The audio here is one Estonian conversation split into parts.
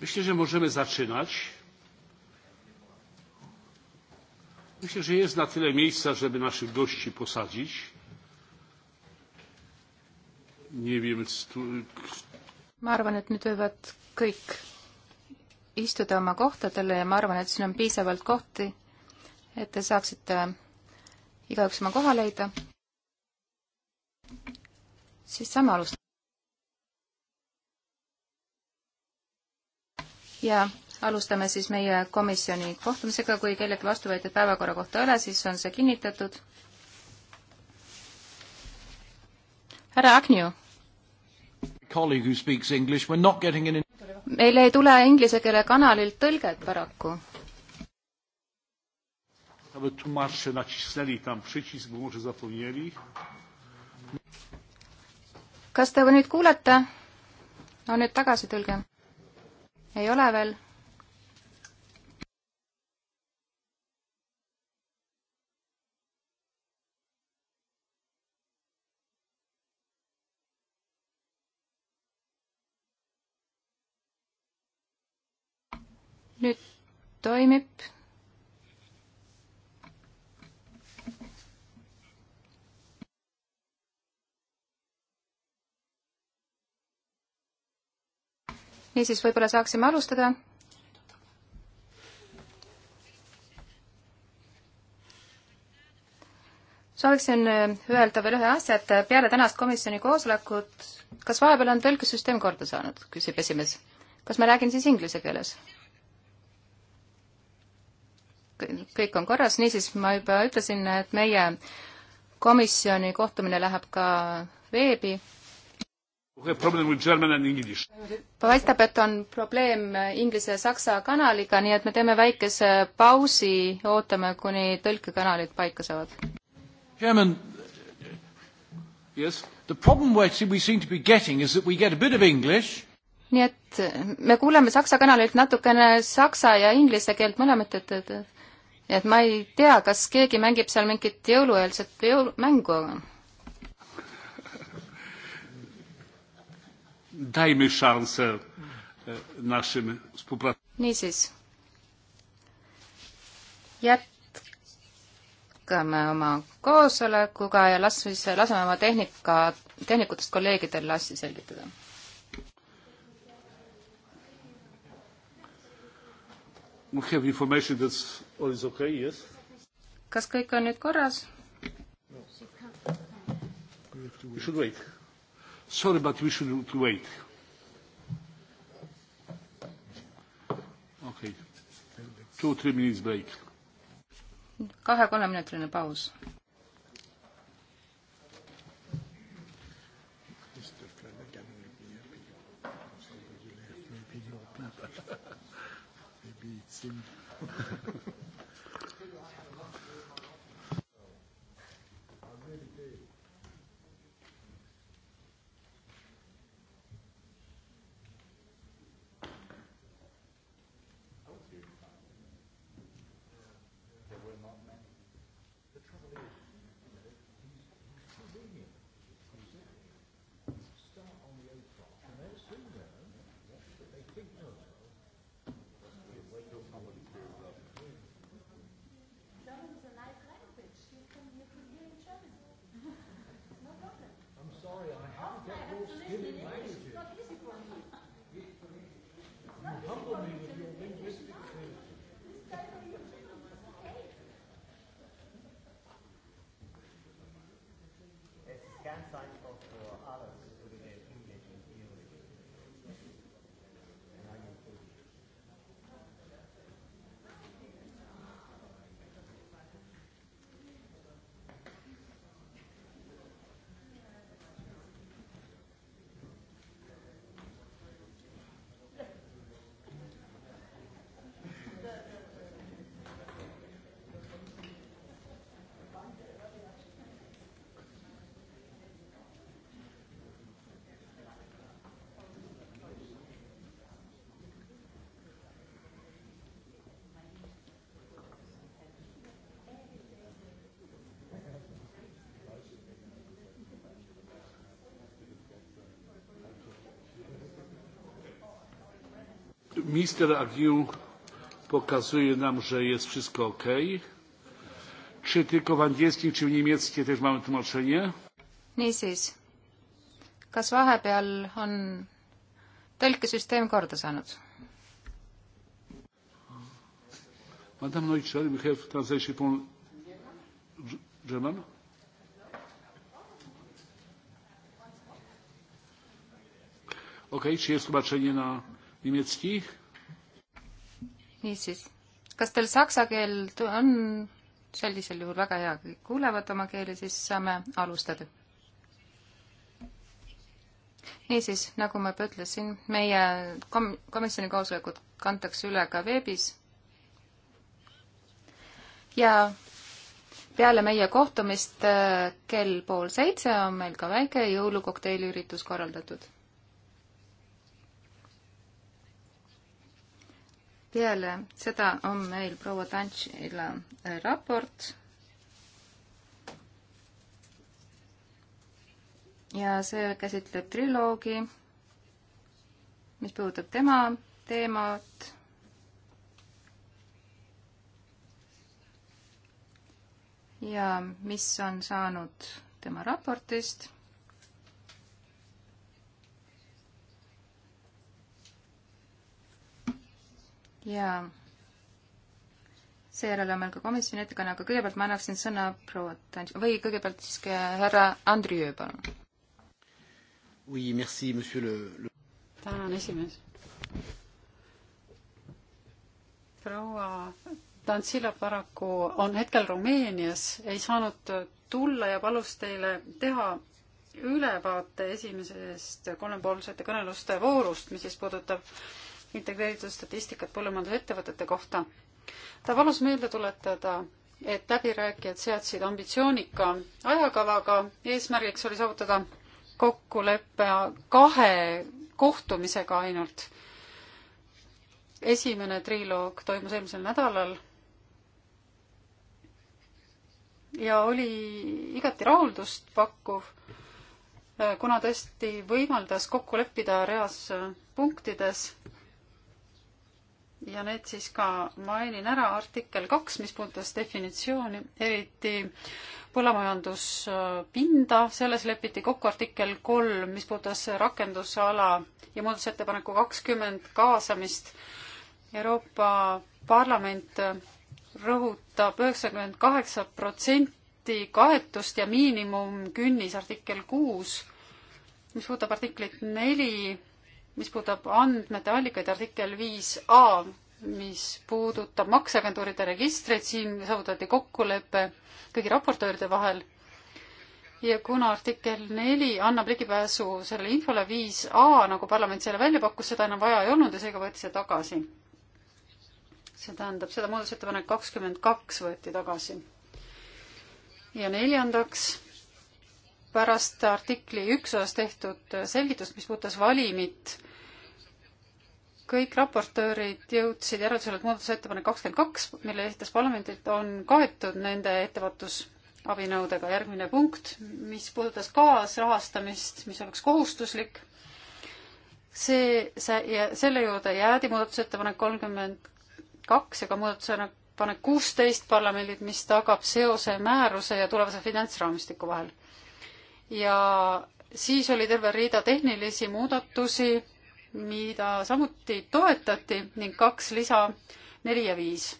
Myślę, że możemy zaczynać. Myślę, że jest na tyle miejsca, żeby naszych gości posadzić. Nie wiem, stu... ma arvan, et nüüd võivad kõik istuda oma kohtadele ja ma arvan, et siin on piisavalt kohti, et te saaksite igaüks oma koha leida. siis saame alustada. ja alustame siis meie komisjoni kohtumisega, kui kellelgi vastuvõetud päevakorra kohta ei ole, siis on see kinnitatud. härra Agnew. meil ei tule inglise keele kanalilt tõlget paraku. kas te nüüd kuulete? on nüüd tagasi tõlge ei ole veel. nüüd toimib niisiis, võib-olla saaksime alustada. sooviksin äh, öelda veel ühe asja, et äh, peale tänast komisjoni koosolekut, kas vahepeal on tõlkesüsteem korda saanud, küsib esimees. kas ma räägin siis inglise keeles? kõik on korras, niisiis ma juba ütlesin, et meie komisjoni kohtumine läheb ka veebi paistab, et on probleem Inglise ja Saksa kanaliga, nii et me teeme väikese pausi, ootame, kuni tõlkekanalid paika saavad. Chairman, yes, the problem we seem to be getting is that we get a bit of english. nii et me kuuleme saksa kanalilt natukene saksa ja inglise keelt mõlemat, et, et et ma ei tea, kas keegi mängib seal mingit jõulueelset jõul-, mängu dajmy szansę e, naszym współpracownikom. Niisiis, jätkame oma koosolekuga ja las siis, laseme oma tehnika, tehnikutest kolleegidel asju selgitada. We have information that all is okay, yes? kas kõik on nüüd korras? We should wait. Sorry, but we should wait. Okay. Two, three minutes break. kahe-kolmeminutiline paus. Maybe it's him. minister agnew pokazuje nam że jest wszystko ok. czy tylko w angielskim czy w niemieckim też mamy tłumaczenie? niisiis kas vahepeal on tõlkesüsteem korda saanud? Madame Neutschel, we have translation from German. Okej, okay, czy jest tłumaczenie na niisiis, kas teil saksa keel on sellisel juhul väga hea, kõik kuulevad oma keeli, siis saame alustada. niisiis, nagu ma juba ütlesin, meie kom-, komisjoni koosolekud kantakse üle ka veebis ja peale meie kohtumist äh, kell pool seitse on meil ka väike jõulukokteiliüritus korraldatud peale seda on meil proua Tantšila äh, raport. ja see käsitleb triloogi, mis puudutab tema teemat ja mis on saanud tema raportist ja seejärel on meil ka komisjoni ettekanne, aga kõigepealt ma annaksin sõna proua Tants- või kõigepealt siis ka härra Andriöö, palun oui,. Le... tänan, esimees. proua Tantsila paraku on hetkel Rumeenias, ei saanud tulla ja palus teile teha ülevaate esimesest kolmepoolsete kõneluste voorust, mis siis puudutab integreeritud statistikat põllumajandusettevõtete kohta. ta palus meelde tuletada, et läbirääkijad seadsid ambitsioonika ajakavaga, eesmärgiks oli saavutada kokkulepe kahe kohtumisega ainult. esimene triloog toimus eelmisel nädalal ja oli igati rahuldust pakkuv, kuna tõesti võimaldas kokku leppida reas punktides ja need siis ka mainin ära. artikkel kaks, mis puudutas definitsiooni, eriti põllumajanduspinda, selles lepiti kokku artikkel kolm, mis puudutas rakendusala ja muudatusettepaneku kakskümmend kaasamist. Euroopa Parlament rõhutab üheksakümmend kaheksa protsenti kaetust ja miinimumkünnis artikkel kuus, mis puudutab artiklit neli mis puudutab andmete allikaid, artikkel viis A, mis puudutab makseagentuuride registreid, siin saavutati kokkulepe kõigi raportööride vahel. ja kuna artikkel neli annab ligipääsu sellele infole viis A, nagu parlament selle välja pakkus, seda enam vaja ei olnud ja seega võeti see tagasi. see tähendab, seda muudatusettepanek kakskümmend kaks võeti tagasi. ja neljandaks pärast artikli üks osas tehtud selgitust, mis puudutas valimit kõik raportöörid jõudsid järeldusele, et muudatusettepanek kakskümmend kaks, mille esitas parlamendilt, on kaetud nende ettevaatusabinõudega. järgmine punkt, mis puudutas kaasrahastamist, mis oleks kohustuslik, see, see, selle juurde jäädi muudatusettepanek kolmkümmend kaks ja ka muudatusettepanek kuusteist parlamendilt, mis tagab seose määruse ja tulevase finantsraamistiku vahel. ja siis oli terve rida tehnilisi muudatusi mida samuti toetati ning kaks lisa neli ja viis.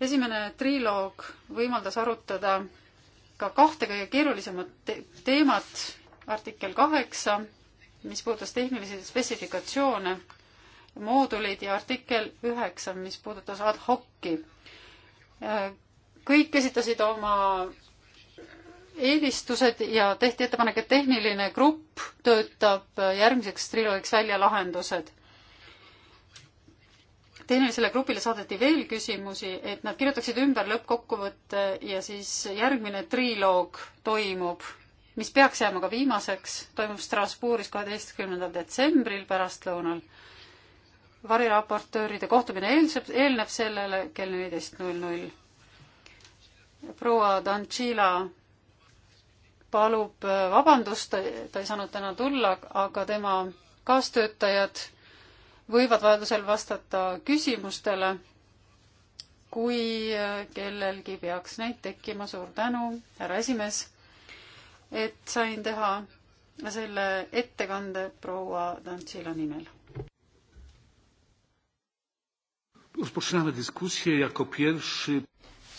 esimene triloog võimaldas arutada ka kahte kõige keerulisemat te teemat, artikkel kaheksa, mis puudutas tehnilisi spetsifikatsioone, moodulid ja artikkel üheksa, mis puudutas ad hoc'i. kõik esitasid oma eelistused ja tehti ettepanek, et tehniline grupp töötab järgmiseks triloogiks välja lahendused. tehnilisele grupile saadeti veel küsimusi, et nad kirjutaksid ümber lõppkokkuvõtte ja siis järgmine triloog toimub, mis peaks jääma ka viimaseks, toimub Strasbourgis kaheteistkümnendal detsembril pärastlõunal. variraportööride kohtumine eelseb, eelneb sellele kell neliteist null null. proua Danchila palub äh, vabandust, ta ei saanud täna tulla, aga tema kaastöötajad võivad vajadusel vastata küsimustele, kui äh, kellelgi peaks neid tekkima. suur tänu, härra esimees, et sain teha selle ettekande proua Tantsila nimel.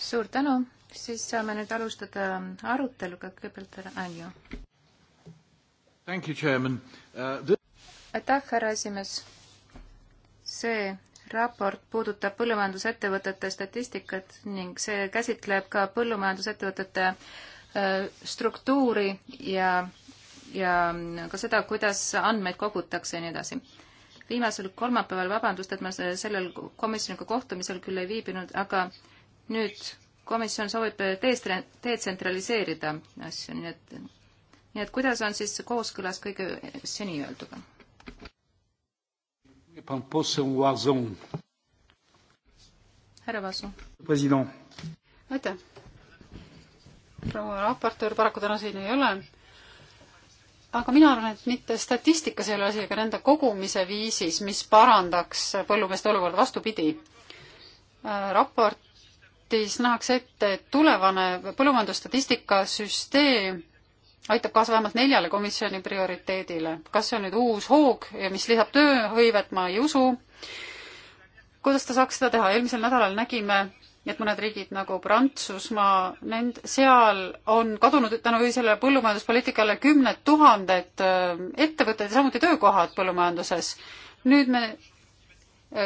suur tänu siis saame nüüd alustada aruteluga, kõigepealt härra Anju. Uh, aitäh, härra esimees. see raport puudutab põllumajandusettevõtete statistikat ning see käsitleb ka põllumajandusettevõtete uh, struktuuri ja, ja ka seda, kuidas andmeid kogutakse ja nii edasi viimasel kolmapäeval, vabandust, et ma sellel komisjoniga kohtumisel küll ei viibinud, aga nüüd komisjon soovib detsentraliseerida asju, nii et, nii et kuidas on siis kooskõlas kõige seni öelduga? härra Vasu. aitäh. proua raportöör paraku täna siin ei ole. aga mina arvan, et mitte statistikas ei ole asi, aga nende kogumise viisis, mis parandaks põllumeeste olukorda, vastupidi. Äh, raport raportis nähakse ette, et tulevane põllumajandusstatistika süsteem aitab kaasa vähemalt neljale komisjoni prioriteedile. kas see on nüüd uus hoog ja mis lisab tööhõivet, ma ei usu. kuidas ta saaks seda teha? eelmisel nädalal nägime, et mõned riigid nagu Prantsusmaa, nend-, seal on kadunud tänu ühisele põllumajanduspoliitikale kümned tuhanded äh, ettevõtted ja samuti töökohad põllumajanduses. nüüd me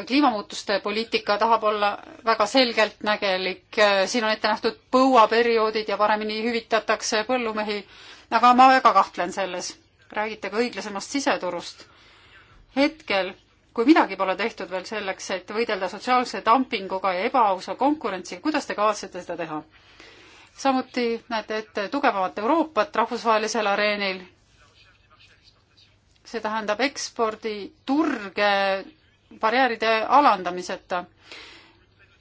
kliimamuutuste poliitika tahab olla väga selgeltnägelik, siin on ette nähtud põuaperioodid ja paremini hüvitatakse põllumehi, aga ma väga kahtlen selles. räägite ka õiglasemast siseturust. hetkel, kui midagi pole tehtud veel selleks, et võidelda sotsiaalse dumpinguga ja ebaausa konkurentsiga, kuidas te kavatsete seda teha? samuti näete ette tugevamat Euroopat rahvusvahelisel areenil, see tähendab eksporditurge barjääride alandamiseta.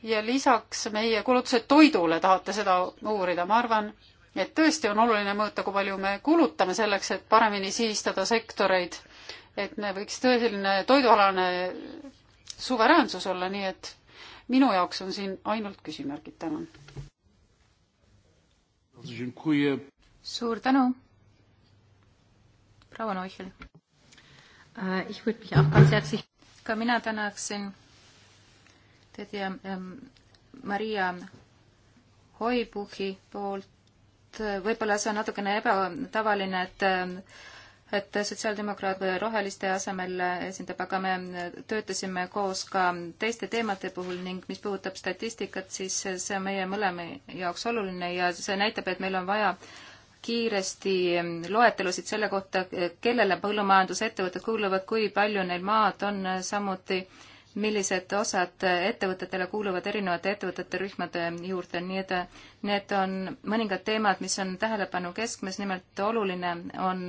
ja lisaks meie kulutused toidule, tahate seda uurida, ma arvan, et tõesti on oluline mõõta, kui palju me kulutame selleks, et paremini sihistada sektoreid, et me võiks tõeline toidualane suveräänsus olla, nii et minu jaoks on siin ainult küsimärgid, tänan. suur tänu. proua Neuchel. Äh, Ka mina tänaksin teid ja ähm, Maria Hoibuhi poolt. võib-olla see on natukene ebatavaline, et äh, et sotsiaaldemokraat roheliste asemel esindab, aga me töötasime koos ka teiste teemade puhul ning mis puudutab statistikat, siis see on meie mõlema jaoks oluline ja see näitab, et meil on vaja äh, kiiresti loetelusid selle kohta, e, kellele põllumajandusettevõtted kuuluvad, kui palju neil maad on, e, samuti millised osad ettevõtetele kuuluvad erinevate ettevõtete rühmade juurde, nii et e, need on mõningad teemad, mis on tähelepanu keskmes, nimelt oluline on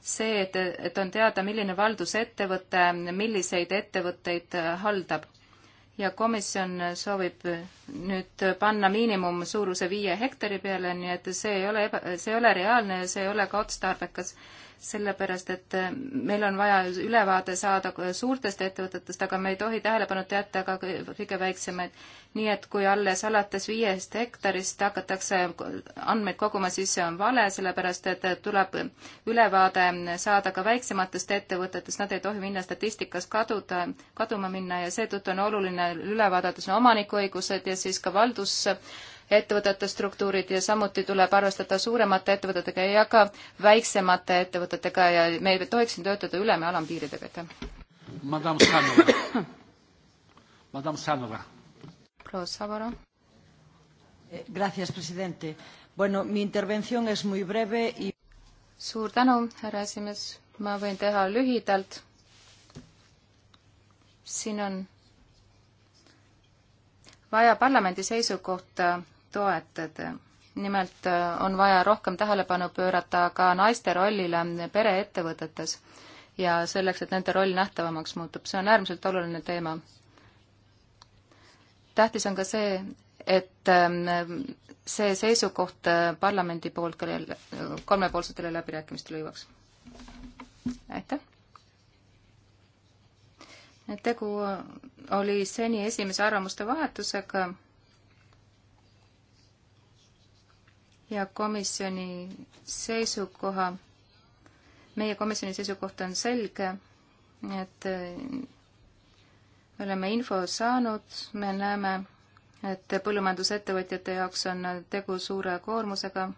see, et, et on teada, milline valdusettevõte milliseid ettevõtteid haldab ja komisjon soovib nüüd panna miinimum suuruse viie hektari peale, nii et see ei ole, see ei ole reaalne ja see ei ole ka otstarbekas sellepärast et äh, meil on vaja ülevaade saada suurtest ettevõtetest, aga me ei tohi tähelepanuta jätta ka kõige väiksemaid. nii et kui alles alates viiest hektarist hakatakse andmeid koguma, siis see on vale, sellepärast et tuleb ülevaade saada ka väiksematest ettevõtetest, nad ei tohi minna statistikas kaduda, kaduma minna ja seetõttu on oluline üle vaadata oma omanikuõigused ja siis ka valdus ettevõtete struktuurid ja samuti tuleb arvestada suuremate ettevõtetega ja ka väiksemate ettevõtetega ja me ei tohiks siin töötada ülem- ja alampiiridega, aitäh. Madame Sanova. Madame Sanova. proua Savara. Eh, gracias, presidente. Bueno, mi intervención es muy breve y suur tänu, härra esimees, ma võin teha lühidalt. siin on vaja parlamendi seisukohta toetada. nimelt äh, on vaja rohkem tähelepanu pöörata ka naiste rollile pereettevõtetes ja selleks, et nende roll nähtavamaks muutub, see on äärmiselt oluline teema. tähtis on ka see, et ähm, see seisukoht äh, parlamendi poolt ka äh, kolmepoolsetele läbirääkimistele jõuaks. aitäh! tegu oli seni esimese arvamuste vahetusega ja komisjoni seisukoha, meie komisjoni seisukoht on selge, et äh, me oleme info saanud, me näeme, et põllumajandusettevõtjate jaoks on tegu suure koormusega.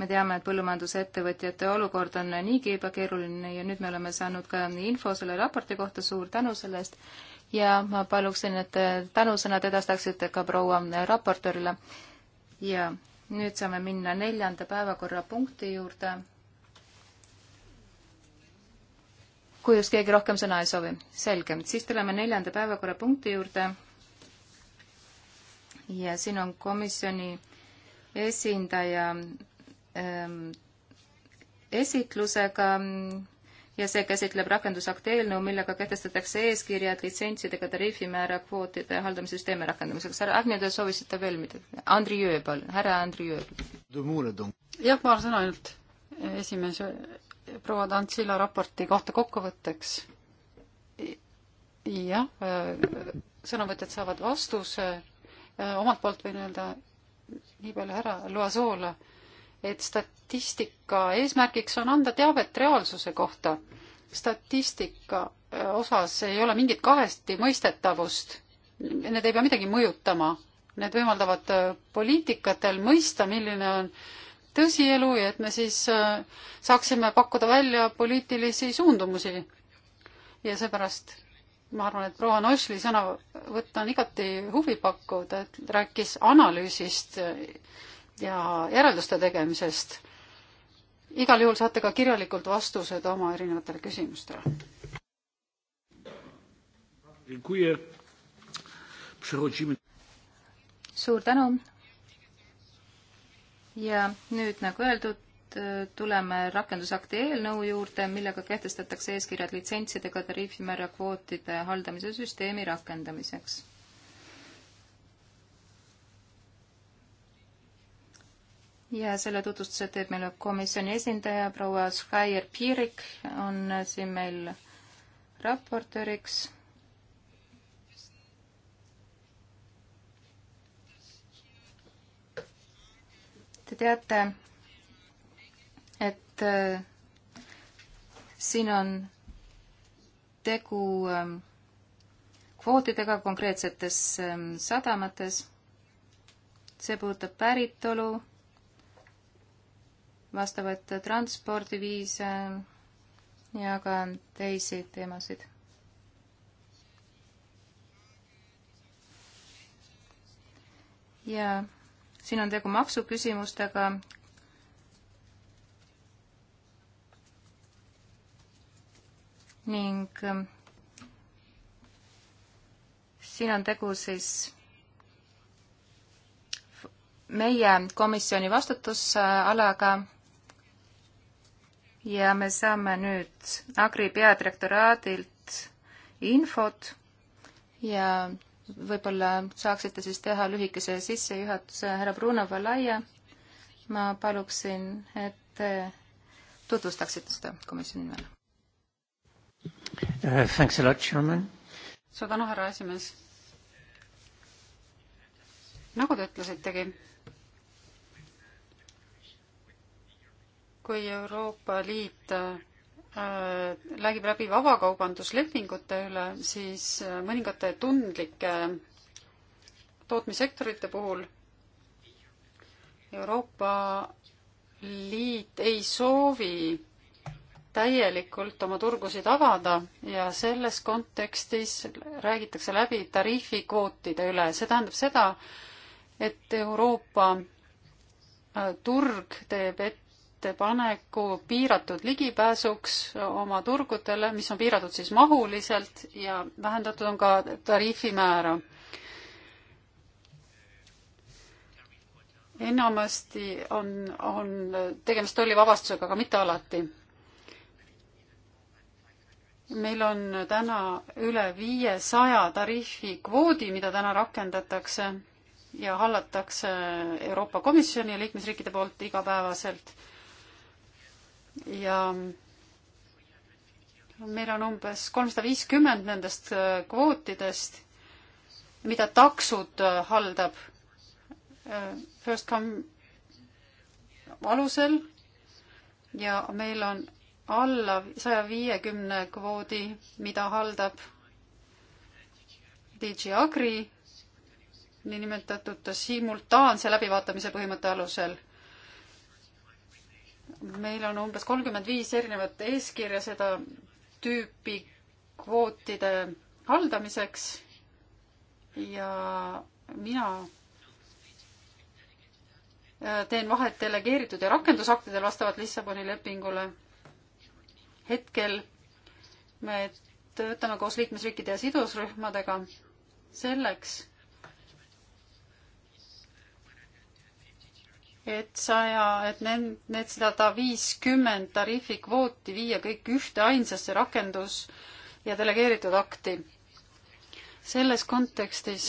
me teame, et põllumajandusettevõtjate olukord on niigi juba keeruline ja nüüd me oleme saanud ka info selle raporti kohta, suur tänu selle eest. ja ma paluksin, et tänusõnad edastaksite ka proua raportöörile ja nüüd saame minna neljanda päevakorrapunkti juurde. kui just keegi rohkem sõna ei soovi, selge, siis tuleme neljanda päevakorrapunkti juurde. ja siin on komisjoni esindaja ähm, esitlusega ähm, ja see käsitleb rakendusakti eelnõu, millega kehtestatakse eeskirjad litsentsidega tariifimäära kvootide haldamissüsteemi rakendamiseks. härra Agnew, te soovisite veel midagi? Andri Jõe, palun, härra Andri Jõe. jah, paar sõna ainult. esimees, proua Tantsila raporti kohta kokkuvõtteks. jah, sõnavõtjad saavad vastuse, omalt poolt võin öelda nii palju härra Loasoole et statistika eesmärgiks on anda teavet reaalsuse kohta. statistika äh, osas ei ole mingit kahesti mõistetavust. Need ei pea midagi mõjutama. Need võimaldavad äh, poliitikatel mõista, milline on tõsielu ja et me siis äh, saaksime pakkuda välja poliitilisi suundumusi. ja seepärast ma arvan, et proua Nošli sõnavõtt on igati huvipakkuv, ta rääkis analüüsist ja järelduste tegemisest. igal juhul saate ka kirjalikult vastused oma erinevatele küsimustele. suur tänu. ja nüüd, nagu öeldud, tuleme rakendusakti eelnõu juurde, millega kehtestatakse eeskirjad litsentside, tariifimäära, kvootide haldamise süsteemi rakendamiseks ja selle tutvustuse teeb meile komisjoni esindaja proua Skyer Piirik on siin meil raportööriks. Te teate, et siin on tegu ähm, kvootidega konkreetsetes ähm, sadamates. see puudutab päritolu vastavat transpordiviise ja ka teisi teemasid. ja siin on tegu maksuküsimustega. ning ähm, siin on tegu siis meie komisjoni vastutusalaga ja me saame nüüd Agri peadirektoraadilt infot ja võib-olla saaksite siis teha lühikese sissejuhatuse. härra Bruno Valaia, ma paluksin, et te tutvustaksite seda komisjoni nimel uh,. Thanks a lot, Chairman. suur tänu, härra esimees. nagu te ütlesitegi kui Euroopa Liit äh, räägib läbi vabakaubanduslepingute üle, siis äh, mõningate tundlike tootmissektorite puhul Euroopa Liit ei soovi täielikult oma turgusid avada ja selles kontekstis räägitakse läbi tariifikvootide üle. see tähendab seda, et Euroopa äh, turg teeb et ettepaneku piiratud ligipääsuks oma turgudele, mis on piiratud siis mahuliselt ja vähendatud on ka tariifimäära. enamasti on, on tegemist tollivabastusega, aga mitte alati. meil on täna üle viiesaja tariifikvoodi, mida täna rakendatakse ja hallatakse Euroopa Komisjoni ja liikmesriikide poolt igapäevaselt ja meil on umbes kolmsada viiskümmend nendest äh, kvootidest, mida taksod äh, haldab äh, first come alusel ja meil on alla saja viiekümne kvoodi, mida haldab DG Agri niinimetatud simultaanse läbivaatamise põhimõtte alusel meil on umbes kolmkümmend viis erinevat eeskirja seda tüüpi kvootide haldamiseks ja mina äh, teen vahet delegeeritud ja rakendusaktidel vastavalt Lissaboni lepingule. hetkel me töötame koos liikmesriikide ja sidusrühmadega selleks, et saja, et need, need sada viiskümmend tariifikvooti viia kõik ühte ainsasse rakendus- ja delegeeritud akti. selles kontekstis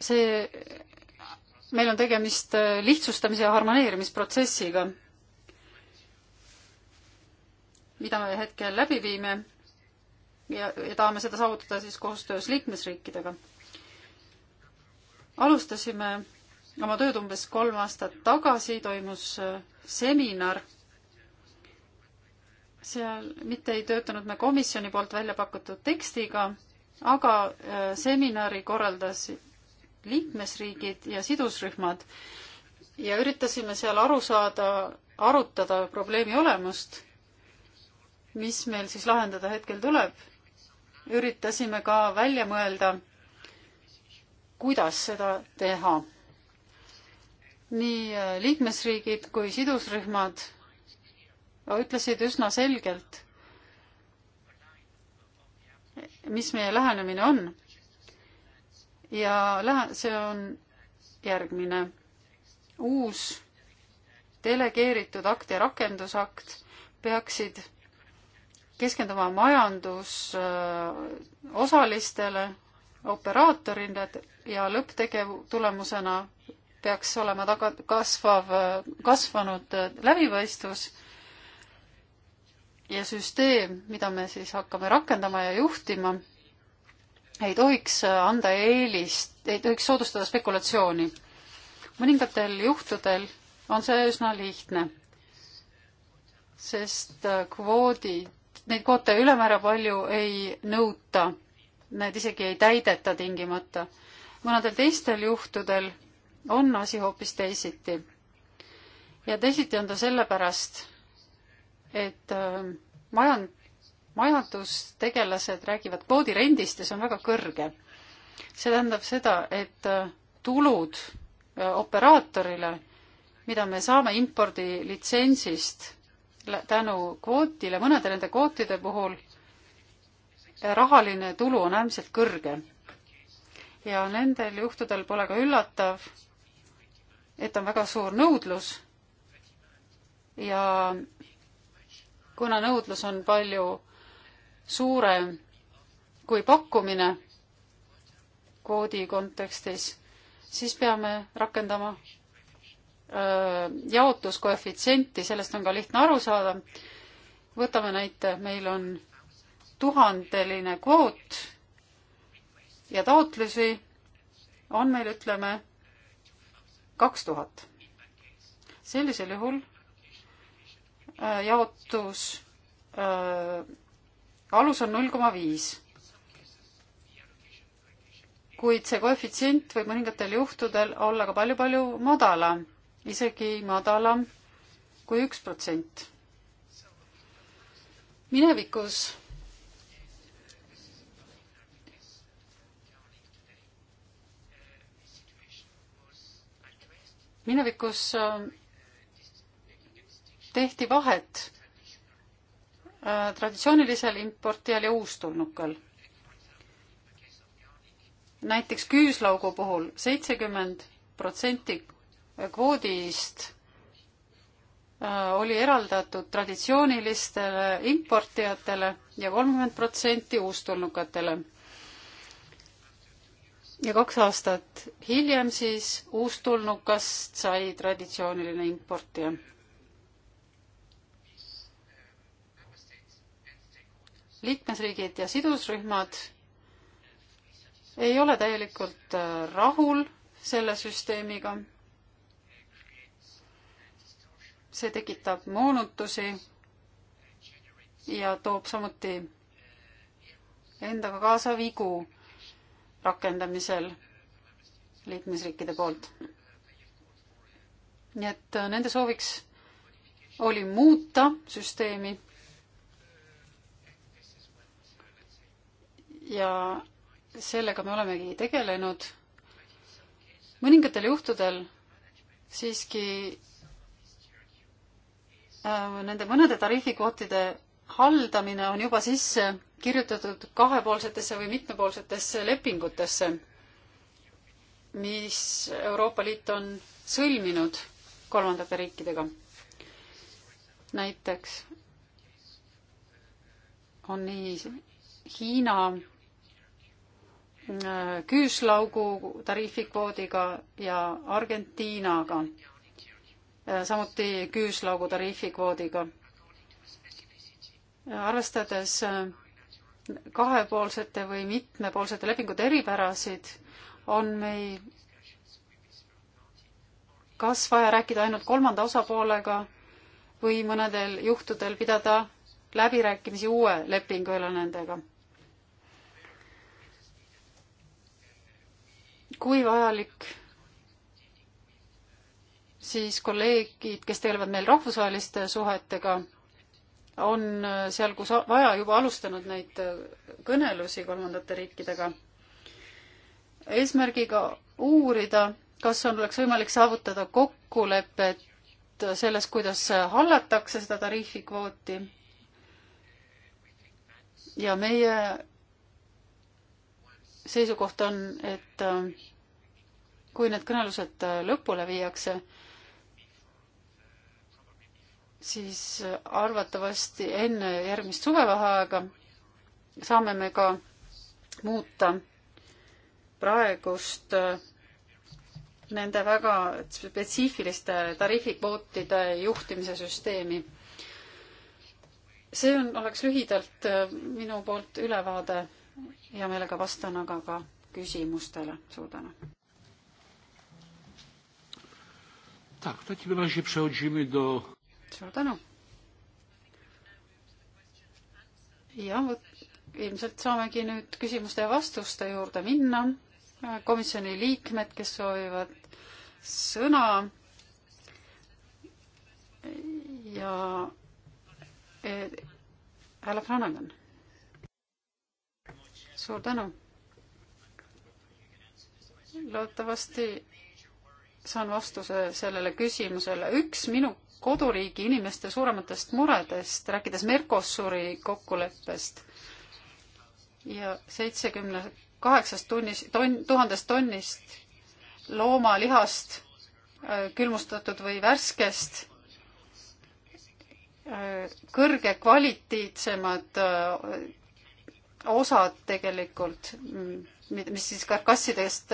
see, meil on tegemist äh, lihtsustamise ja harmoneerimisprotsessiga, mida me hetkel läbi viime ja, ja tahame seda saavutada siis koostöös liikmesriikidega alustasime oma tööd umbes kolm aastat tagasi, toimus äh, seminar. seal mitte ei töötanud me komisjoni poolt välja pakutud tekstiga, aga äh, seminari korraldasid liikmesriigid ja sidusrühmad ja üritasime seal aru saada, arutada probleemi olemust, mis meil siis lahendada hetkel tuleb. üritasime ka välja mõelda kuidas seda teha. nii äh, liikmesriigid kui sidusrühmad äh, ütlesid üsna selgelt, mis meie lähenemine on. ja lähe-, see on järgmine uus delegeeritud akt ja rakendusakt peaksid keskenduma majandusosalistele, äh, operaatorile, ja lõpptegev tulemusena peaks olema taga kasvav, kasvanud äh, läbipaistvus ja süsteem, mida me siis hakkame rakendama ja juhtima, ei tohiks äh, anda eelist, ei tohiks soodustada spekulatsiooni. mõningatel juhtudel on see üsna lihtne, sest äh, kvoodid, neid kvoote ülemäära palju ei nõuta, need isegi ei täideta tingimata mõnedel teistel juhtudel on asi hoopis teisiti. ja teisiti on ta sellepärast, et äh, majand-, majandustegelased räägivad kvoodirendist ja see on väga kõrge. see tähendab seda, et äh, tulud äh, operaatorile, mida me saame impordilitsentsist tänu kvootile, mõnede nende kvootide puhul rahaline tulu on äärmiselt kõrge ja nendel juhtudel pole ka üllatav, et on väga suur nõudlus ja kuna nõudlus on palju suurem kui pakkumine kvoodi kontekstis, siis peame rakendama jaotuskoefitsienti, sellest on ka lihtne aru saada. võtame näite, meil on tuhandeline kvoot ja taotlusi on meil, ütleme, kaks tuhat. sellisel juhul äh, jaotus äh, alus on null koma viis. kuid see koefitsient võib mõningatel juhtudel olla ka palju-palju madalam, isegi madalam kui üks protsent. minevikus minevikus äh, tehti vahet äh, traditsioonilisel importijal ja uustulnukal. näiteks küüslaugu puhul seitsekümmend protsenti kvoodist äh, oli eraldatud traditsioonilistele importijatele ja kolmkümmend protsenti uustulnukatele ja kaks aastat hiljem siis uustulnukast sai traditsiooniline importija. liikmesriigid ja sidusrühmad ei ole täielikult äh, rahul selle süsteemiga. see tekitab moonutusi ja toob samuti endaga kaasa vigu rakendamisel liikmesriikide poolt. nii et äh, nende sooviks oli muuta süsteemi. ja sellega me olemegi tegelenud. mõningatel juhtudel siiski äh, nende mõnede tariifikvootide haldamine on juba sisse kirjutatud kahepoolsetesse või mitmepoolsetesse lepingutesse, mis Euroopa Liit on sõlminud kolmandate riikidega. näiteks on nii Hiina äh, küüslaugu tariifikvoodiga ja Argentiinaga, äh, samuti küüslaugu tariifikvoodiga arvestades äh, kahepoolsete või mitmepoolsete lepingute eripärasid, on meil kas vaja rääkida ainult kolmanda osapoolega või mõnedel juhtudel pidada läbirääkimisi uue lepingu üle nendega. kui vajalik, siis kolleegid, kes tegelevad meil rahvusvaheliste suhetega, on äh, seal, kus vaja, juba alustanud neid äh, kõnelusi kolmandate riikidega, eesmärgiga uurida, kas on, oleks võimalik saavutada kokkulepet selles, kuidas äh, hallatakse seda tariifikvooti. ja meie seisukoht on, et kui need kõnelused lõpule viiakse, siis arvatavasti enne järgmist suvevaheaega saame me ka muuta praegust äh, nende väga spetsiifiliste tariifikvootide juhtimise süsteemi. see on, oleks lühidalt äh, minu poolt ülevaade. hea meelega vastan aga ka küsimustele. suur tänu. Tak, w takim razie przechodzimy do suur tänu. jah, ilmselt saamegi nüüd küsimuste ja vastuste juurde minna. komisjoni liikmed, kes soovivad sõna. ja eh, härra Flanagan. suur tänu. loodetavasti saan vastuse sellele küsimusele. üks minu koduriigi inimeste suurematest muredest, rääkides Mercosuri kokkuleppest ja seitsekümne kaheksast tunnis, tonn, tuhandest tonnist loomalihast, äh, külmustatud või värskest, äh, kõrge kvaliteetsemad äh, osad tegelikult, mm, mis siis karkassidest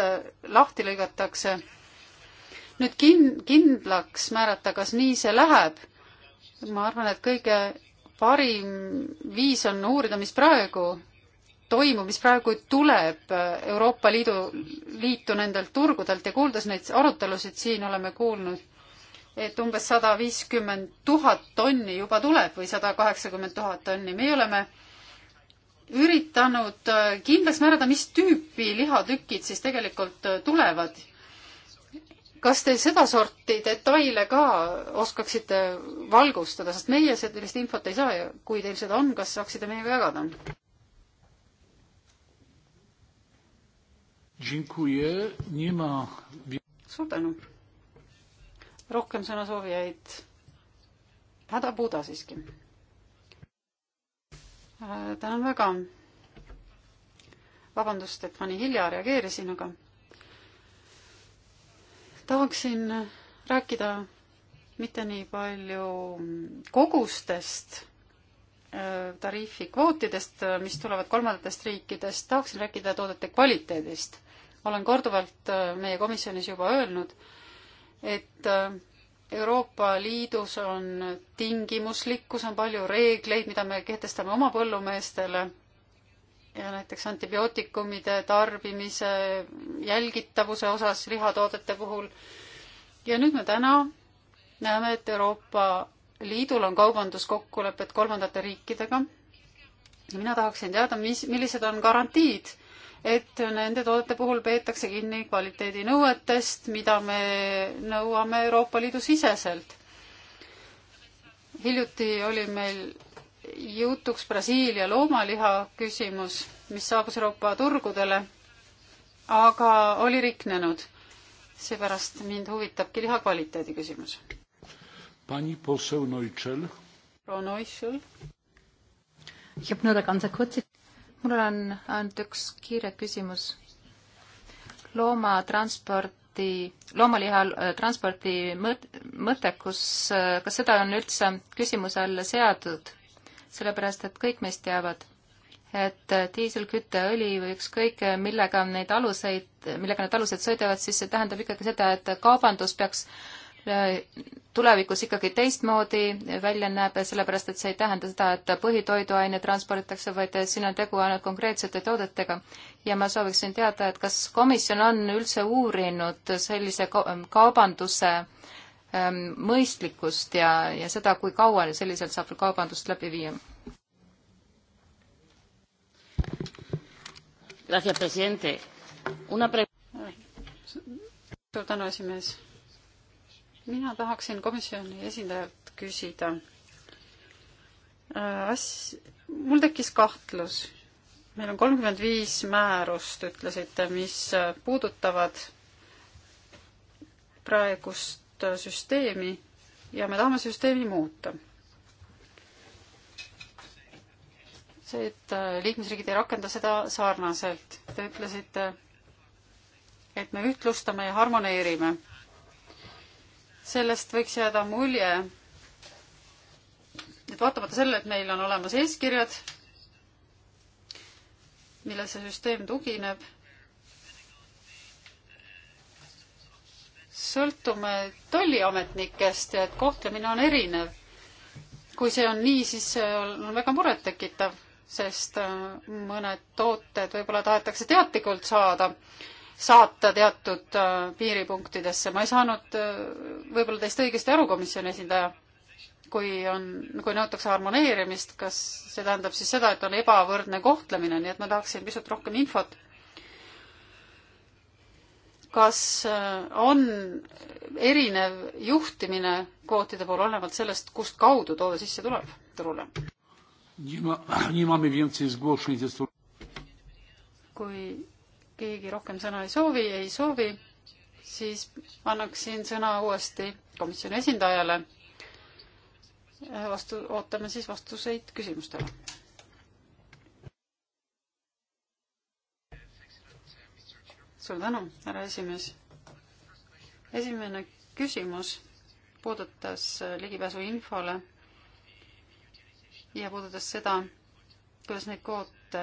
lahti lõigatakse nüüd kin-, kindlaks määrata, kas nii see läheb, ma arvan, et kõige parim viis on uurida, mis praegu toimub, mis praegu tuleb Euroopa Liidu, liitu nendelt turgudelt ja kuuldes neid arutelusid siin oleme kuulnud, et umbes sada viiskümmend tuhat tonni juba tuleb või sada kaheksakümmend tuhat tonni, meie oleme üritanud kindlaks määrada, mis tüüpi lihatükid siis tegelikult tulevad kas te sedasorti detaile ka oskaksite valgustada, sest meie sellist infot ei saa ja kui teil seda on, kas saaksite meiega jagada? suur tänu. rohkem sõnasoovijaid? häda puuda siiski. Äh, tänan väga. vabandust, et ma nii hilja reageerisin, aga tahaksin rääkida mitte nii palju kogustest, äh, tariifikvootidest, äh, mis tulevad kolmandatest riikidest, tahaksin rääkida toodete kvaliteedist. olen korduvalt äh, meie komisjonis juba öelnud, et Euroopa Liidus on tingimuslikkus, on palju reegleid, mida me kehtestame oma põllumeestele ja näiteks antibiootikumide tarbimise jälgitavuse osas lihatoodete puhul. ja nüüd me täna näeme, et Euroopa Liidul on kaubanduskokkulepped kolmandate riikidega. mina tahaksin teada, mis, millised on garantiid, et nende toodete puhul peetakse kinni kvaliteedinõuetest, mida me nõuame Euroopa Liidu siseselt. hiljuti oli meil jutuks Brasiilia loomaliha küsimus, mis saabus Euroopa turgudele, aga oli riknenud. seepärast mind huvitabki liha kvaliteedi küsimus. Pani poseł Neuchel. proua Neuchel. mul on ainult üks kiire küsimus. loomatransport transporti, loomaliha äh, transporti mõt-, mõttekus, äh, kas seda on üldse küsimuse alla seatud? sellepärast et kõik meist teavad, et diiselkütteõli või ükskõik millega neid aluseid, millega need alused sõidavad, siis see tähendab ikkagi seda, et kaubandus peaks äh, tulevikus ikkagi teistmoodi välja näeb, sellepärast et see ei tähenda seda, et põhitoiduaine transporditakse, vaid siin on tegu ainult konkreetsete toodetega. ja ma sooviksin teada, et kas komisjon on üldse uurinud sellise kaubanduse äh, Ähm, mõistlikkust ja, ja seda, kui kaua selliselt saab kaubandust läbi viia. suur tänu, esimees. mina tahaksin komisjoni esindajalt küsida. Äh, as-, mul tekkis kahtlus. meil on kolmkümmend viis määrust, ütlesite, mis puudutavad praegust loodud äh, süsteemi ja me tahame süsteemi muuta. see, et äh, liikmesriigid ei rakenda seda sarnaselt. Te ütlesite, et me ühtlustame ja harmoneerime. sellest võiks jääda mulje, et vaatamata sellele, et meil on olemas eeskirjad, millele see süsteem tugineb sõltume tolliametnikest ja et kohtlemine on erinev. kui see on nii, siis see on väga murettekitav, sest äh, mõned tooted võib-olla tahetakse teadlikult saada, saata teatud äh, piiripunktidesse. ma ei saanud äh, võib-olla teist õigesti aru, komisjoni esindaja. kui on, kui nõutakse harmoneerimist, kas see tähendab siis seda, et on ebavõrdne kohtlemine, nii et ma tahaksin pisut rohkem infot kas äh, on erinev juhtimine kvootide puhul olenevalt sellest, kust kaudu toode sisse tuleb turule? kui keegi rohkem sõna ei soovi, ei soovi, siis annaksin sõna uuesti komisjoni esindajale. Äh, vastu, ootame siis vastuseid küsimustele suur tänu, härra esimees. esimene küsimus puudutas ligipääsu infole ja puudutas seda, kuidas neid kvoote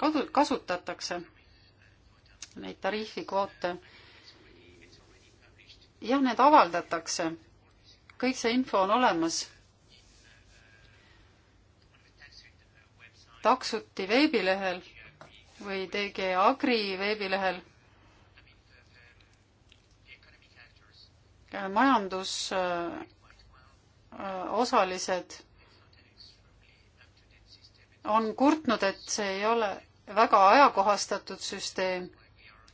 kadu-, kasutatakse, neid tariifikvoote. jah, need avaldatakse, kõik see info on olemas. taksuti veebilehel või DG Agri veebilehel majandusosalised äh, on kurtnud, et see ei ole väga ajakohastatud süsteem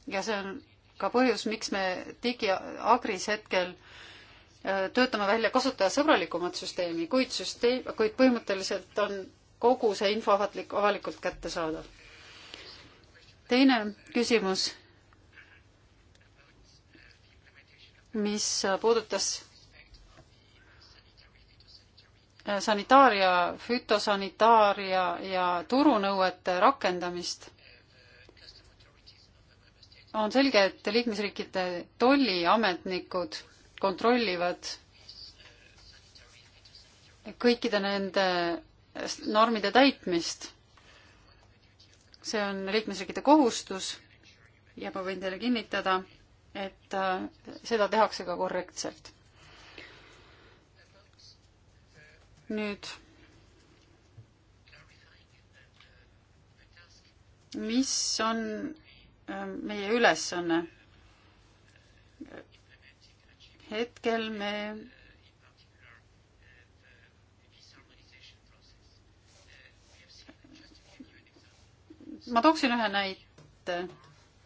ja see on ka põhjus, miks me digiagris hetkel äh, töötame välja kasutajasõbralikumat süsteemi, kuid süsteem, kuid põhimõtteliselt on kogu see info avalik, avalikult kättesaadav. teine küsimus mis puudutas äh, sanitaaria, fütosanitaaria ja turunõuete rakendamist, on selge, et liikmesriikide tolliametnikud kontrollivad kõikide nende normide täitmist. see on liikmesriikide kohustus ja ma võin teile kinnitada, et äh, seda tehakse ka korrektselt. nüüd, mis on äh, meie ülesanne? hetkel me ma tooksin ühe näite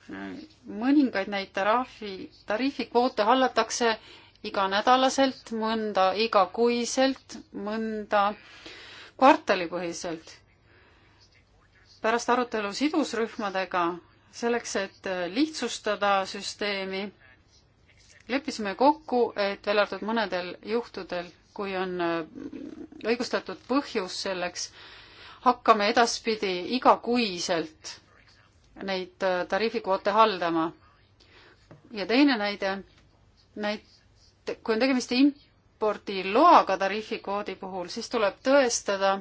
mõningaid neid tariifi, tariifikvoote hallatakse iganädalaselt, mõnda igakuiselt, mõnda kvartalipõhiselt. pärast arutelu sidusrühmadega, selleks et lihtsustada süsteemi, leppisime kokku, et välja arvatud mõnedel juhtudel, kui on äh, õigustatud põhjus selleks, hakkame edaspidi igakuiselt neid äh, tariifikvoote haldama. ja teine näide, näit-, kui on tegemist impordiloaga tariifikvoodi puhul, siis tuleb tõestada,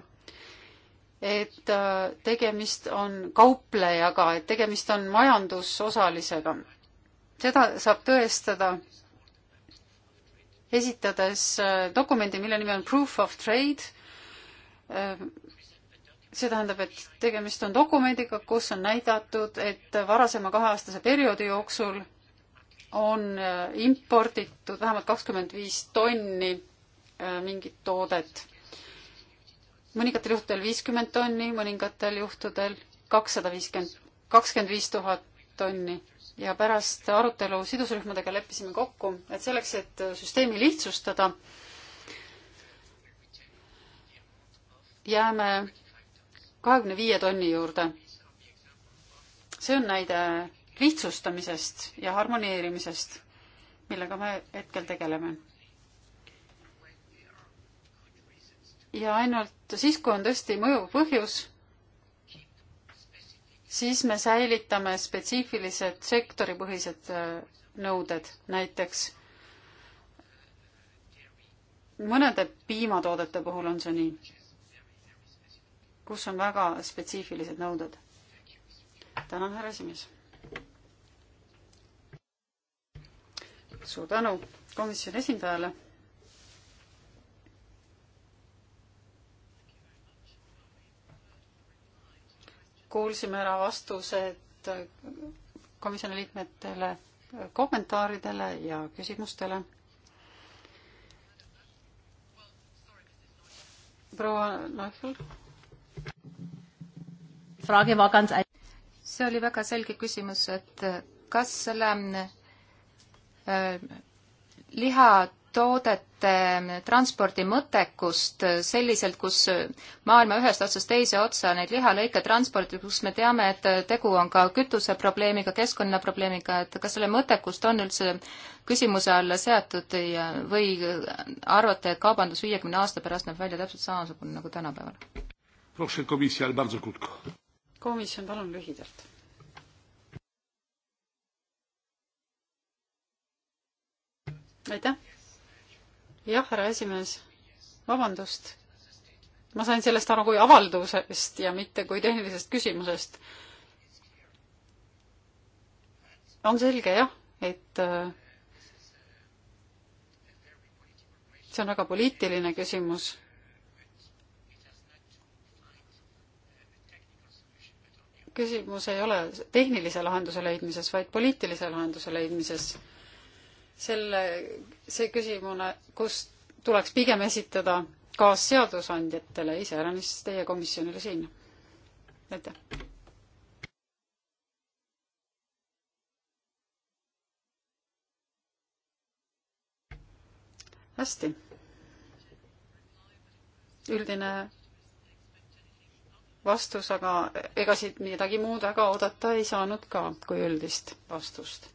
et äh, tegemist on kauplejaga, et tegemist on majandusosalisega. seda saab tõestada esitades äh, dokumendi, mille nimi on Proof of Trade, see tähendab, et tegemist on dokumendiga, kus on näidatud, et varasema kaheaastase perioodi jooksul on äh, imporditud vähemalt kakskümmend viis tonni äh, mingit toodet. mõningatel juhtudel viiskümmend tonni, mõningatel juhtudel kakssada viiskümmend, kakskümmend viis tuhat tonni ja pärast arutelu sidusrühmadega leppisime kokku, et selleks, et äh, süsteemi lihtsustada, jääme kahekümne viie tonni juurde. see on näide lihtsustamisest ja harmoneerimisest, millega me hetkel tegeleme. ja ainult siis, kui on tõesti mõjuv põhjus, siis me säilitame spetsiifilised sektoripõhised äh, nõuded, näiteks mõnede piimatoodete puhul on see nii kus on väga spetsiifilised nõuded. tänan, härra esimees. suur tänu komisjoni esindajale. kuulsime ära vastused komisjoni liikmetele kommentaaridele ja küsimustele. proua Nahel see oli väga selge küsimus, et kas selle äh, lihatoodete transpordi mõttekust selliselt, kus maailma ühest otsast teise otsa neid lihalõike transpordi, kus me teame, et tegu on ka kütuseprobleemiga, keskkonnaprobleemiga, et kas selle mõttekust on üldse küsimuse alla seatud ja, või arvate, et kaubandus viiekümne aasta pärast näeb välja täpselt samasugune nagu tänapäeval? komisjon, palun lühidalt. aitäh. jah, härra esimees, vabandust. ma sain sellest aru kui avaldusest ja mitte kui tehnilisest küsimusest. on selge jah, et äh, see on väga poliitiline küsimus küsimus ei ole tehnilise lahenduse leidmises, vaid poliitilise lahenduse leidmises. selle, see küsimune, kus tuleks pigem esitada kaasseadusandjatele, iseäranis teie komisjonile siin. aitäh. hästi. üldine vastus, aga ega siit midagi muud väga oodata ei saanud ka, kui üldist vastust.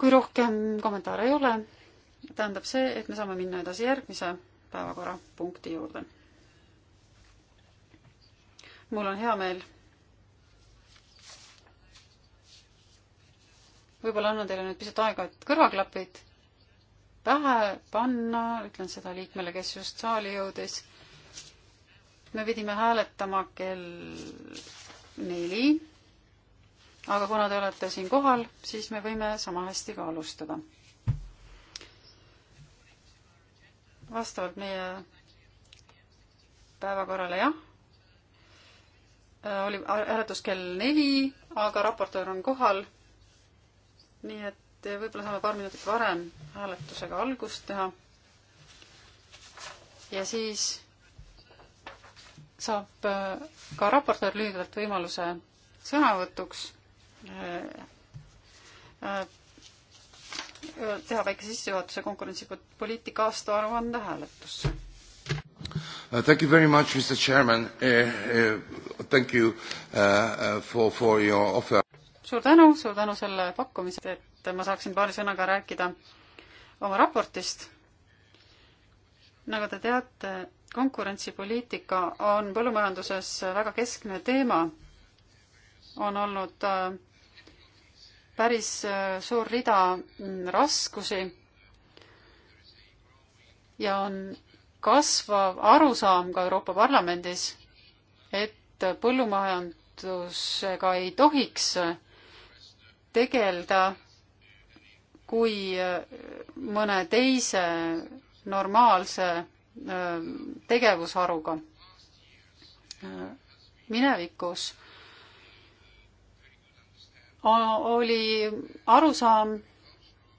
kui rohkem kommentaare ei ole, tähendab see, et me saame minna edasi järgmise päevakorrapunkti juurde. mul on hea meel võib-olla annan teile nüüd pisut aega, et kõrvaklapid pähe panna, ütlen seda liikmele, kes just saali jõudis me pidime hääletama kell neli. aga kuna te olete siin kohal, siis me võime sama hästi ka alustada. vastavalt meie päevakorrale, jah. Äh, oli hääletus kell neli, aga raportöör on kohal. nii et võib-olla saame paar minutit varem hääletusega algust teha. ja siis saab äh, ka raportöör lühidalt võimaluse sõnavõtuks äh, äh, teha väike sissejuhatuse konkurentsipoliitika aastaaruande hääletusse. Uh, thank you very much, Mr Chairman uh,. Uh, thank you uh, uh, for, for your offer. suur tänu, suur tänu selle pakkumise, et ma saaksin paari sõnaga rääkida oma raportist. nagu te teate, konkurentsipoliitika on põllumajanduses väga keskne teema, on olnud äh, päris äh, suur rida mm, raskusi ja on kasvav arusaam ka Euroopa Parlamendis, et põllumajandusega ei tohiks tegeleda kui äh, mõne teise normaalse Äh, tegevusharuga. minevikus oli arusaam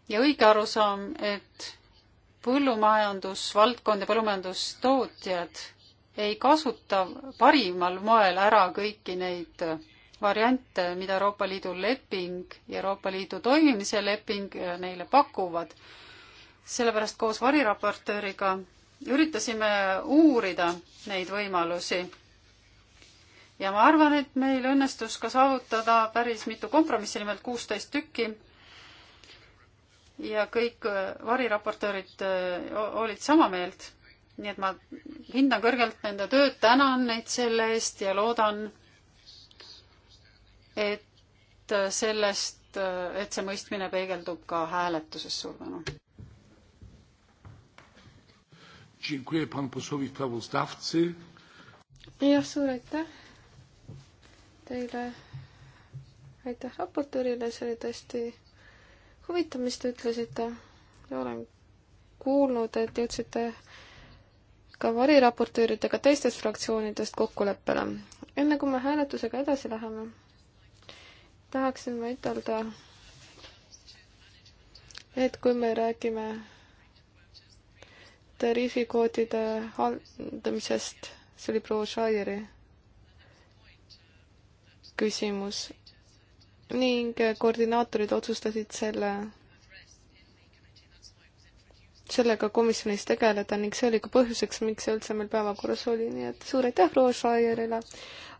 ja õige arusaam, et põllumajandusvaldkond ja põllumajandustootjad ei kasuta parimal moel ära kõiki neid variante, mida Euroopa Liidu leping ja Euroopa Liidu toimimise leping neile pakuvad. sellepärast koos variraportööriga üritasime uurida neid võimalusi. ja ma arvan, et meil õnnestus ka saavutada päris mitu kompromissi, nimelt kuusteist tükki. ja kõik äh, variraportöörid äh, olid sama meelt. nii et ma hindan kõrgelt nende tööd, tänan neid selle eest ja loodan, et äh, sellest, et see mõistmine peegeldub ka hääletuses. suur tänu! Dziękuję panu posłowi sprawozdawcy. jah, suur aitäh teile, aitäh raportöörile, see oli tõesti huvitav, mis te ütlesite. olen kuulnud, et jõudsite ka variraportööridega teistest fraktsioonidest kokkuleppele. enne kui me hääletusega edasi läheme, tahaksin ma ütelda, et kui me räägime tariifikoodide haldamisest, see oli proua Shaieri küsimus ning koordinaatorid otsustasid selle, sellega komisjonis tegeleda ning see oli ka põhjuseks, miks see üldse meil päevakorras oli, nii et suur aitäh proua Shaierile.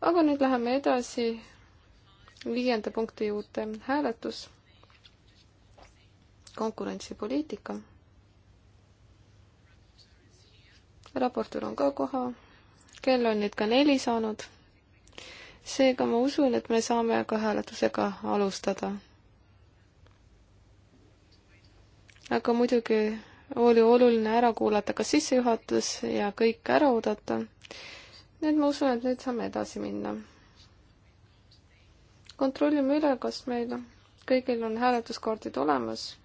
aga nüüd läheme edasi viienda punkti juurde, hääletus, konkurentsipoliitika raportöör on ka kohal, kell on nüüd ka neli saanud. seega ma usun, et me saame ka hääletusega alustada. aga muidugi oli oluline ära kuulata ka sissejuhatus ja kõik ära oodata. nüüd ma usun, et nüüd saame edasi minna. kontrollime üle, kas meil kõigil on hääletuskaardid olemas.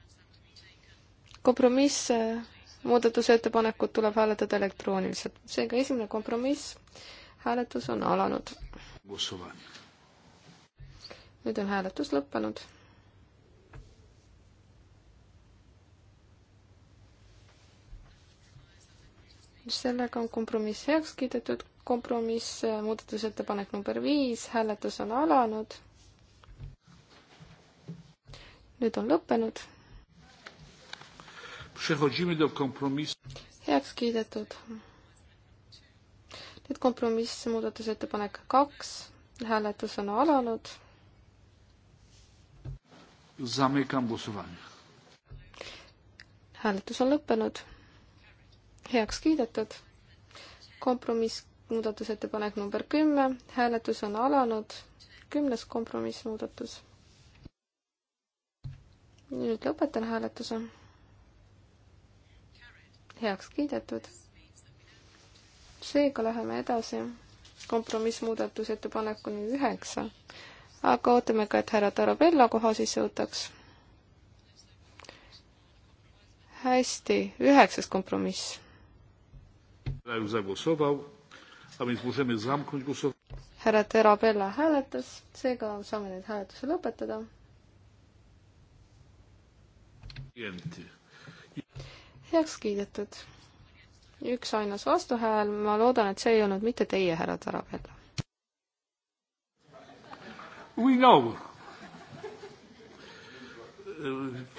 kompromiss muudatusettepanekut tuleb hääletada elektrooniliselt. seega esimene kompromiss, hääletus on alanud. nüüd on hääletus lõppenud. sellega on kompromiss heaks kiidetud, kompromiss, äh, muudatusettepanek number viis, hääletus on alanud. nüüd on lõppenud heaks kiidetud. nüüd kompromiss, muudatusettepanek kaks, hääletus on alanud. hääletus on lõppenud. heaks kiidetud. kompromiss, muudatusettepanek number kümme, hääletus on alanud. kümnes kompromissmuudatus. nüüd lõpetan hääletuse heaks kiidetud. seega läheme edasi kompromissmuudatusettepanekuni üheksa, aga ootame ka, et härra Tarabella koha sisse võtaks. hästi, üheksas kompromiss. härra Tarabella hääletas, seega saame nüüd hääletuse lõpetada. klienti heaks kiidetud. üks ainus vastuhääl, ma loodan, et see ei olnud mitte teie, härra Tarabella. We know.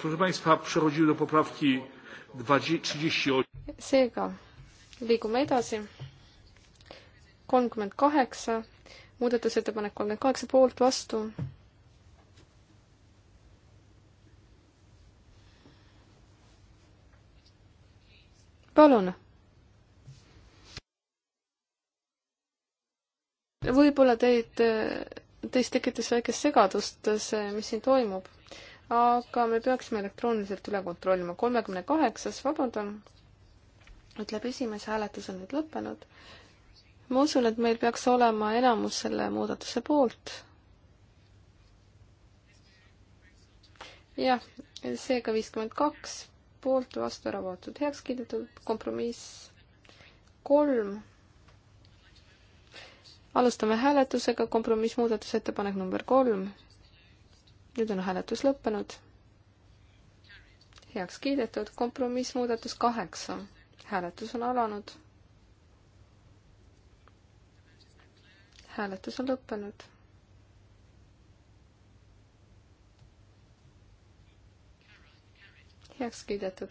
Proszę Państwa, przechodzimy do poprawki 38. Seega, liigume edasi. kolmkümmend kaheksa, muudatusettepanek kolmkümmend kaheksa poolt, vastu palun. võib-olla teid, teist tekitas väikest segadust see, mis siin toimub, aga me peaksime elektrooniliselt üle kontrollima. kolmekümne kaheksas, vabandan, ütleb esimees, hääletus on nüüd lõppenud. ma usun, et meil peaks olema enamus selle muudatuse poolt. jah, seega viiskümmend kaks poolt, vastu, erapooletud, heaks kiidetud, kompromiss kolm. alustame hääletusega, kompromissmuudatusettepanek number kolm. nüüd on hääletus lõppenud. heaks kiidetud, kompromissmuudatus kaheksa. hääletus on alanud. hääletus on lõppenud heaks kiidetud.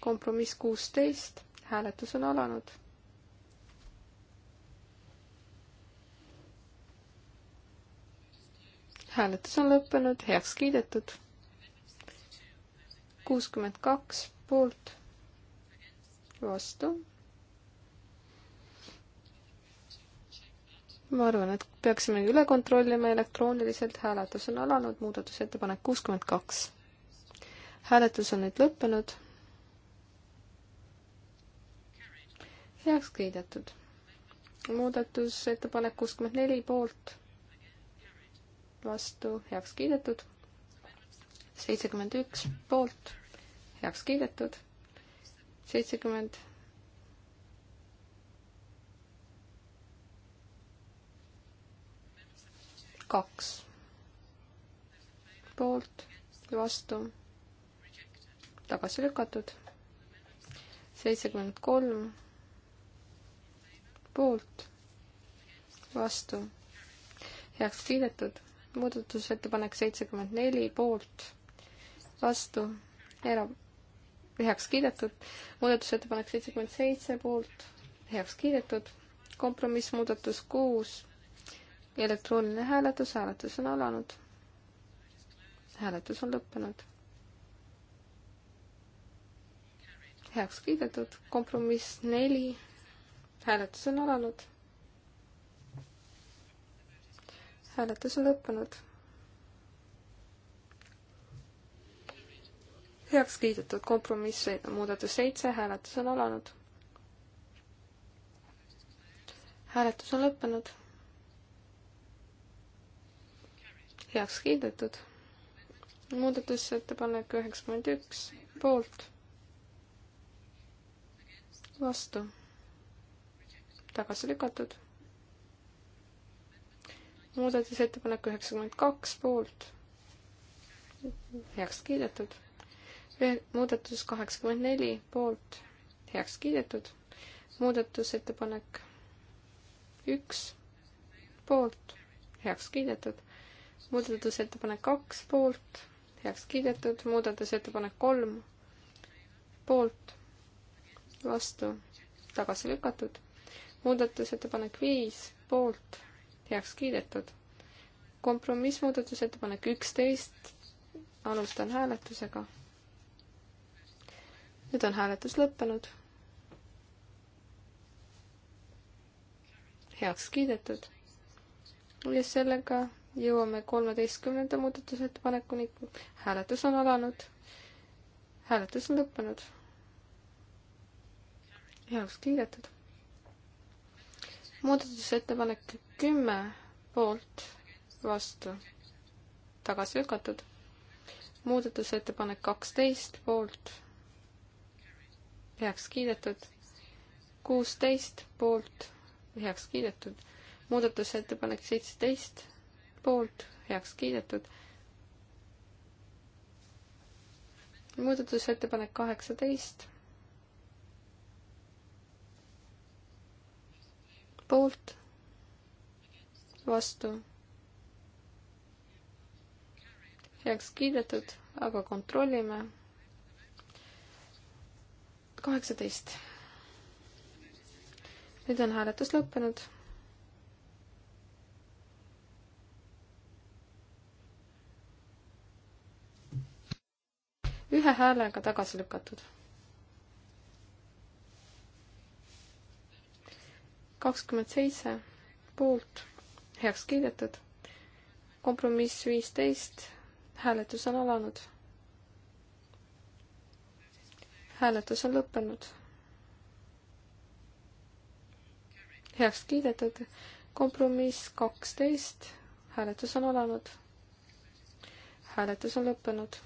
kompromiss kuusteist, hääletus on alanud. hääletus on lõppenud, heaks kiidetud. kuuskümmend kaks poolt, vastu. ma arvan, et peaksime üle kontrollima elektrooniliselt, hääletus on alanud, muudatusettepanek kuuskümmend kaks hääletus on nüüd lõppenud. heaks kiidetud. muudatusettepanek kuuskümmend neli poolt, vastu heaks kiidetud. seitsekümmend üks poolt, heaks kiidetud. seitsekümmend kaks poolt, vastu tagasi lükatud. seitsekümmend kolm poolt, vastu, heaks kiidetud. muudatusettepanek seitsekümmend neli poolt, vastu, era-, heaks kiidetud. muudatusettepanek seitsekümmend seitse poolt, heaks kiidetud. kompromissmuudatus kuus, elektrooniline hääletus, hääletus on alanud. hääletus on lõppenud heaks kiidetud, kompromiss neli, hääletus on alanud. hääletus on lõppenud. heaks kiidetud kompromiss, muudatus seitse, hääletus on alanud. hääletus on lõppenud. heaks kiidetud muudatusettepanek üheksakümmend üks, poolt vastu, tagasi lükatud. muudatusettepanek üheksakümmend kaks poolt, heaks kiidetud. muudatus kaheksakümmend neli poolt, heaks kiidetud. muudatusettepanek üks poolt, heaks kiidetud. muudatusettepanek kaks poolt, heaks kiidetud. muudatusettepanek kolm poolt vastu, tagasi lükatud. muudatusettepanek viis, poolt, heaks kiidetud. kompromissmuudatusettepanek üksteist, alustan hääletusega. nüüd on hääletus lõppenud. heaks kiidetud. ja sellega jõuame kolmeteistkümnenda muudatusettepanekuni. hääletus on alanud. hääletus on lõppenud heaks kiidetud. muudatusettepanek kümme poolt, vastu, tagasi lükatud. muudatusettepanek kaksteist poolt, heaks kiidetud. kuusteist poolt, heaks kiidetud. muudatusettepanek seitseteist poolt, heaks kiidetud muudatusettepanek kaheksateist, poolt, vastu, heaks kiidetud, aga kontrollime. kaheksateist. nüüd on hääletus lõppenud. ühe häälega tagasi lükatud kakskümmend seitse poolt heaks kiidetud. kompromiss viisteist, hääletus on alanud. hääletus on lõppenud. heaks kiidetud. kompromiss kaksteist, hääletus on alanud. hääletus on lõppenud.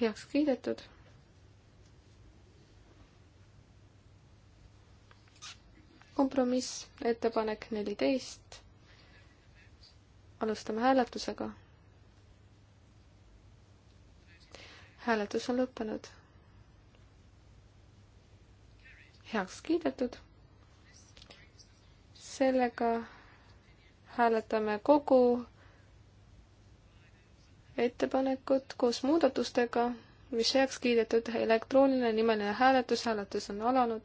heaks kiidetud kompromiss, ettepanek neliteist. alustame hääletusega. hääletus on lõppenud. heaks kiidetud. sellega hääletame kogu ettepanekut koos muudatustega, mis heaks kiidetud elektrooniline nimeline hääletus, hääletus on alanud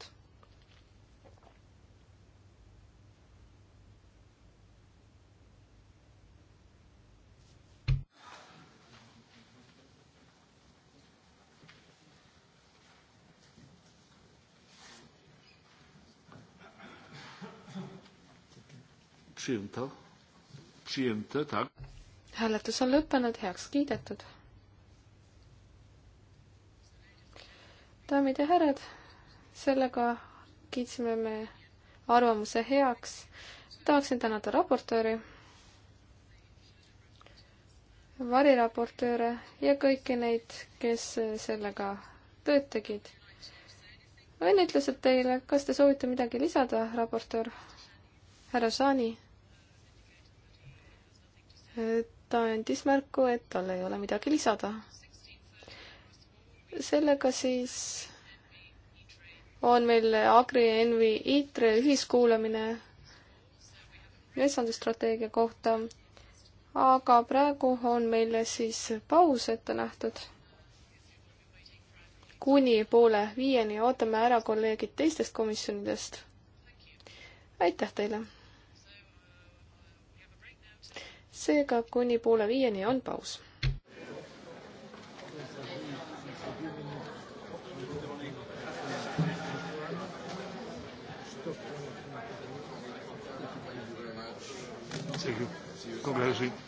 Przyjęta. Przyjęte, tak. hääletus on lõppenud, heaks kiidetud. daamid ja härrad, sellega kiitsime me arvamuse heaks. tahaksin tänada raportööri, variraportööre ja kõiki neid, kes sellega tööd tegid. õnnitlused teile, kas te soovite midagi lisada, raportöör? härra Šani ta andis märku, et tal ei ole midagi lisada. sellega siis on meil Agri Envi ITRE ühiskuulamine mesandustrateegia kohta, aga praegu on meile siis paus ette nähtud. kuni poole viieni ootame ära kolleegid teistest komisjonidest. aitäh teile! seega kuni poole viieni on paus. Thank you. God bless you.